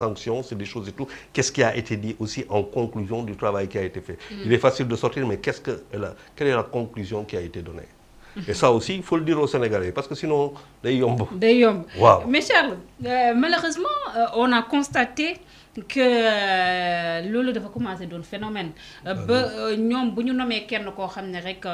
sanctions, c'est des choses et tout. Qu'est-ce qui a été dit aussi en conclusion du travail qui a été fait mm. Il est facile de sortir, mais qu'est-ce que quelle est la conclusion qui a été donnée Et ça aussi, il faut le dire aux Sénégalais, parce que sinon, des yombo. Mais Charles, euh, malheureusement, euh, on a constaté que euh, lolu dafa commencé doon phénomène euh, ah ba euh, ñom buñu ñu kenn ko xamné rek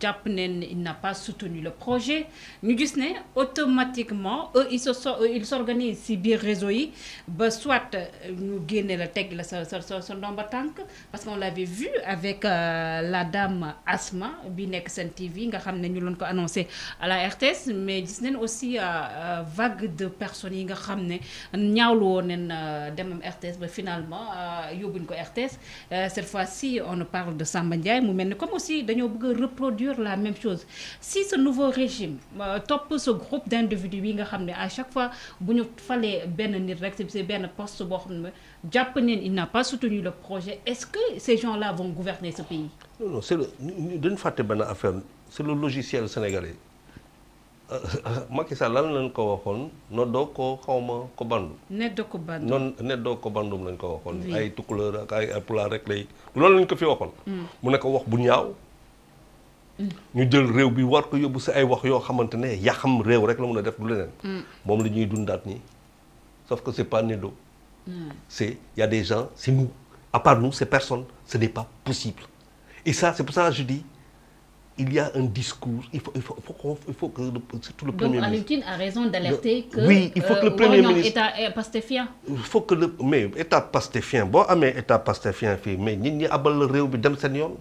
japp neen il n'a pas soutenu le projet ñu gis né automatiquement eux ils se ils s'organisent si bien réseau yi ba soit ñu génne la tégg la sa sa sa ndomba tank parce qu'on l'avait vu avec la dame Asma bi nek sen TV nga xamné ñu ko annoncé à la RTS mais gis aussi aussi vague de personnes yi nga xamné ne ñaawlu woon dem demam RTS finalement euh, euh, cette fois-ci on parle de Samba Ndiaye comme aussi de reproduire la même chose si ce nouveau régime euh, top ce groupe d'individus à chaque fois il fallait bien c'est poste il n'a pas soutenu le projet est-ce que ces gens-là vont gouverner ce pays non non c'est le c'est le logiciel sénégalais euh, euh, Macky Sall lan lañ ko waxoon noddoo ko xawma ko bandu neddoo ko bandu noon neddoo ko bandum lañ ko waxoon ay tukuleur ak ay pulaar rek lay loolu lañ ko fi waxoon mm. mu ne ko wax bu ñaaw mm. ñu jël rew bi war ko yóbbu ci ay wax yo xamantene yaxam rew rek la mun def du leneen mm. moom la ñuy sauf que c'est pas do c'est y a des gens c'est nous à part nous c'est personne ce n'est pas possible et ça c'est pour ça je dis il y a un discours. Il faut, il faut, il faut, que surtout le Premier ministre. Donc, a raison d'alerter que. Oui, il faut que le euh, Premier ministre. État pastéfien. Il faut que le. Mais État pastéfien, bon, ah, mais État pastéfien, mais ni n'y a pas le réel de l'enseignant.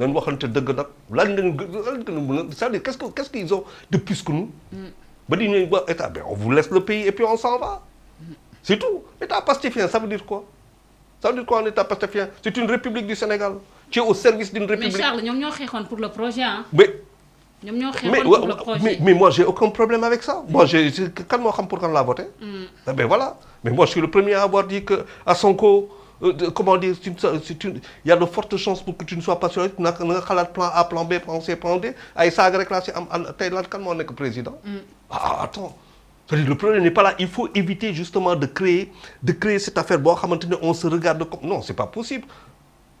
Nous waxante deug nak lan ngeen c'est qu'est-ce qu'est-ce qu'ils ont de plus que nous ba dit état ben on vous laisse le pays et puis on s'en va c'est tout état pastéfien ça veut dire quoi ça veut dire quoi un état pastéfien c'est une république du Sénégal tu es au service d'une république. Mais Charles, nous avons pour le projet hein? mais ñoom pour le projet mais mais moi j'ai aucun problème avec ça. moi j'ai quand moo xam pour kan laa mais mm. ah, ben voilà mais moi je suis le premier à avoir dit que à Sonko. Euh, comment dire, il y a de fortes chances pour que tu ne sois pas sur tu n'as qu'à plan A, plan B, plan C, plan D. Ah, et ça, avec la Thaïlande, quand on est président. Mm. Ah, attends. Le problème n'est pas là. Il faut éviter justement de créer, de créer cette affaire. Bon, on se regarde comme. Non, c'est pas possible.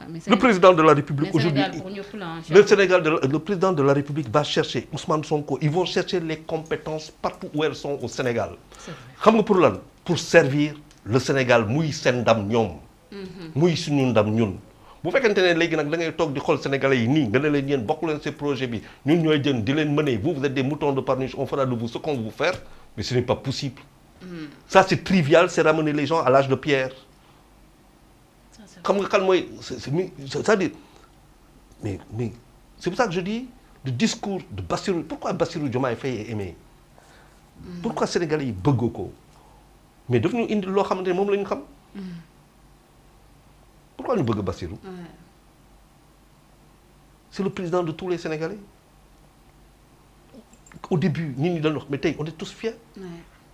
Ah, le président de la République aujourd'hui, le Sénégal, de le président de la République va chercher Ousmane Sonko. Ils vont chercher les compétences partout où elles sont au Sénégal. xam nga pour lan pour servir le Sénégal muy seen ndam ñoom. Mhm. muy suñu ndam ñun. bu fekkente ne léegi da sénégalais yi nii nga ne leen yéen bokk leen ce projet bi ñun ñooy jën di vous vous êtes des moutons de Parniche on fera de vous ce qu'on veut faire mais ce n'est pas possible. Mhm. ça c'est trivial c'est ramener les gens à l'âge de pierre c'est-à-dire mais mais c'est pour ça que je dis le discours de Bassirou pourquoi Bassirou Diomaye fait fait aimer mm. pourquoi Sénégalais yi bëgg mais daf ñu indi un xamante ne moom mm. pourquoi nous bëgg Bassirou c'est le président de tous les Sénégalais au début on est tous fiers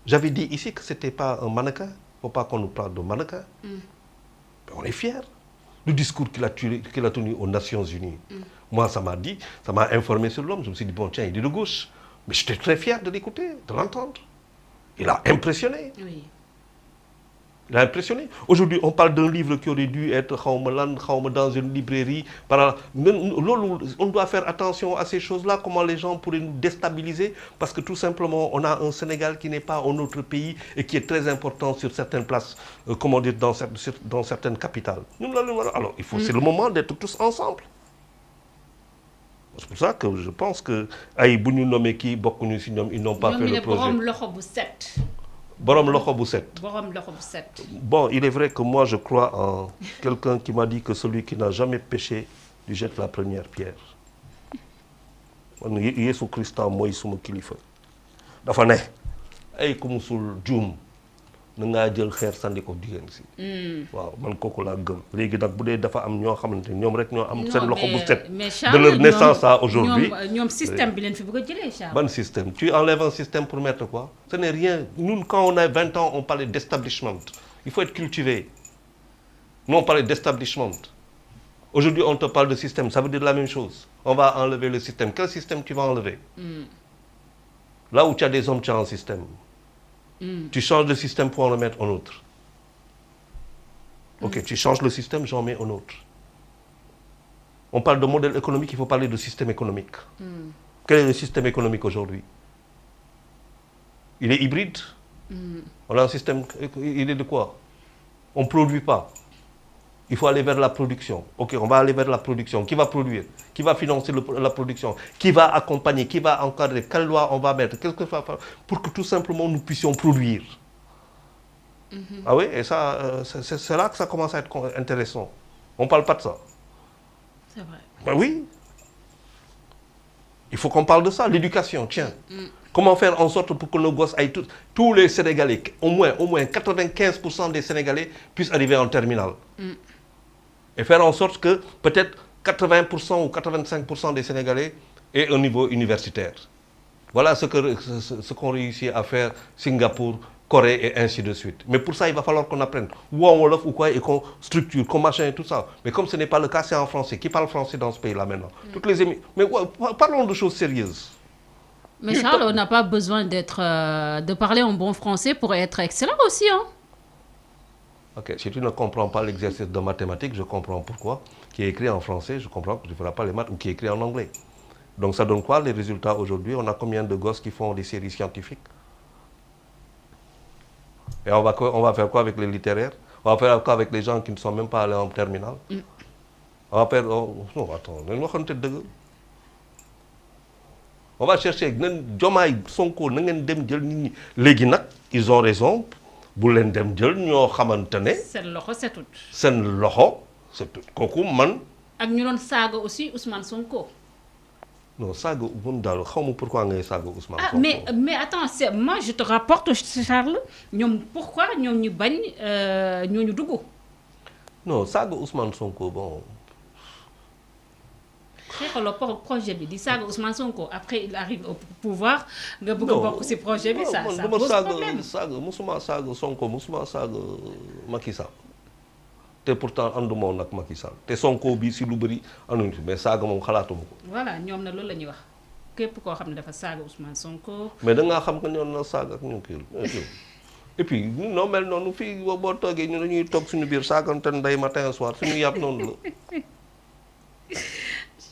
j'avais dit ici que ce n'était pas un mannequin faut pas qu'on nous parle de mannequin mm on est fiers du discours qu'il a, tenu aux Nations Unies. Moi, ça m'a dit, ça m'a informé sur l'homme. Je me suis dit, bon, tiens, il est de gauche. Mais j'étais très fier de l'écouter, de l'entendre. Il a impressionné. Oui l'a impressionné. Aujourd'hui, on parle d'un livre qui aurait dû être dans une librairie. On doit faire attention à ces choses-là, comment les gens pourraient nous déstabiliser, parce que tout simplement, on a un Sénégal qui n'est pas un autre pays et qui est très important sur certaines places, euh, comment dire, dans, dans, certaines capitales. Alors, il faut, mm. c'est le moment d'être tous ensemble. C'est pour ça que je pense que, ils n'ont pas fait le Borom loxo bu set. Bon, il est vrai que moi je crois en quelqu'un qui m'a dit que celui qui n'a jamais péché lui jette la première pierre. Man Yesu Christ mooy suma kilifa dafa ne ay comme un nous avons jël hmm. de système tu enlèves un système pour mettre quoi. ce n'est rien Nous, quand on a 20 ans on parlait d'establishment il faut être cultivé Nous, on parlait d'establishment aujourd'hui on te parle de système ça veut dire la même chose on va enlever le système quel système tu vas enlever. Hmm. là où tu as des hommes tu as un système. Mm. Tu changes le système pour en remettre un autre. Ok, mm. tu changes le système, j'en mets un autre. On parle de modèle économique, il faut parler de système économique. Mm. Quel est le système économique aujourd'hui Il est hybride. On a un système, il est de quoi On ne produit pas. Il faut aller vers la production. Ok, on va aller vers la production. Qui va produire Qui va financer la production Qui va accompagner Qui va encadrer Quelle loi on va mettre Qu'est-ce Pour que tout simplement nous puissions produire. Mm-hmm. Ah oui, et ça, euh, c'est là que ça commence à être intéressant. On ne parle pas de ça. C'est vrai. Ben oui. Il faut qu'on parle de ça. L'éducation, tiens. Mm-hmm. Comment faire en sorte pour que nos gosses aillent tous, tous les Sénégalais, au moins, au moins 95% des Sénégalais puissent arriver en terminale. Mm-hmm et faire en sorte que peut-être 80% ou 85% des Sénégalais aient un niveau universitaire. Voilà ce qu'ont ce, à faire Singapour, Corée et ainsi de suite. Mais pour ça, il va falloir qu'on apprenne ou on l'offre ou quoi et qu'on structure, qu'on machin et tout ça. Mais comme ce n'est pas le cas, c'est en français. Qui parle français dans ce pays-là maintenant mm. Toutes les Mais parlons de choses sérieuses. Mais Charles, on n'a pas besoin d'être, euh, de parler en bon français pour être excellent aussi. Hein Ok, si tu ne comprends pas l'exercice de mathématiques, je comprends pourquoi. Qui est écrit en français, je comprends que tu ne feras pas les maths, ou qui est écrit en anglais. Donc ça donne quoi les résultats aujourd'hui On a combien de gosses qui font des séries scientifiques Et on va, on va faire quoi avec les littéraires On va faire quoi avec les gens qui ne sont même pas allés en terminale mm. On va faire... Oh, non, attends, on On va chercher... Ils ont raison boulen dem loxo man. ak ñu aussi Ousmane Sonko. non sago pourquoi ngay avons Ousmane ah, Sonko. mais attends c'est moi je te rapporte Charles pourquoi nous ñu euh, ñoo ñu duggu non Saga Ousmane Sonko bon le projet bi di saaga Ousmane Sonko après il arrive au pouvoir nga bëgg a bokk ci projet bi. ça ça pose problème saaga mosuma saaga Sonko mosuma sag Macky Sall té pourtant ànduma woon nak Macky Sall té Sonko bi si lu bëri ànduñu mais sag mom xalaatuma ko. voilà ñom na loolu lañuy wax. képp ko xam ne dafa sag Ousmane Sonko. mais da nga xam que ñon na sag ak ñu kii euh, et puis noo mel noonu fii bo togué ñu dañuy tok suñu biir saagante ndey matin soir suñu yàpp noonu la.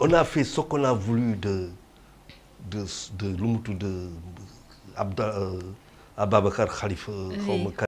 on a fait ce qu'on a voulu de, de, de, de, de euh, Ababakar Khalifa.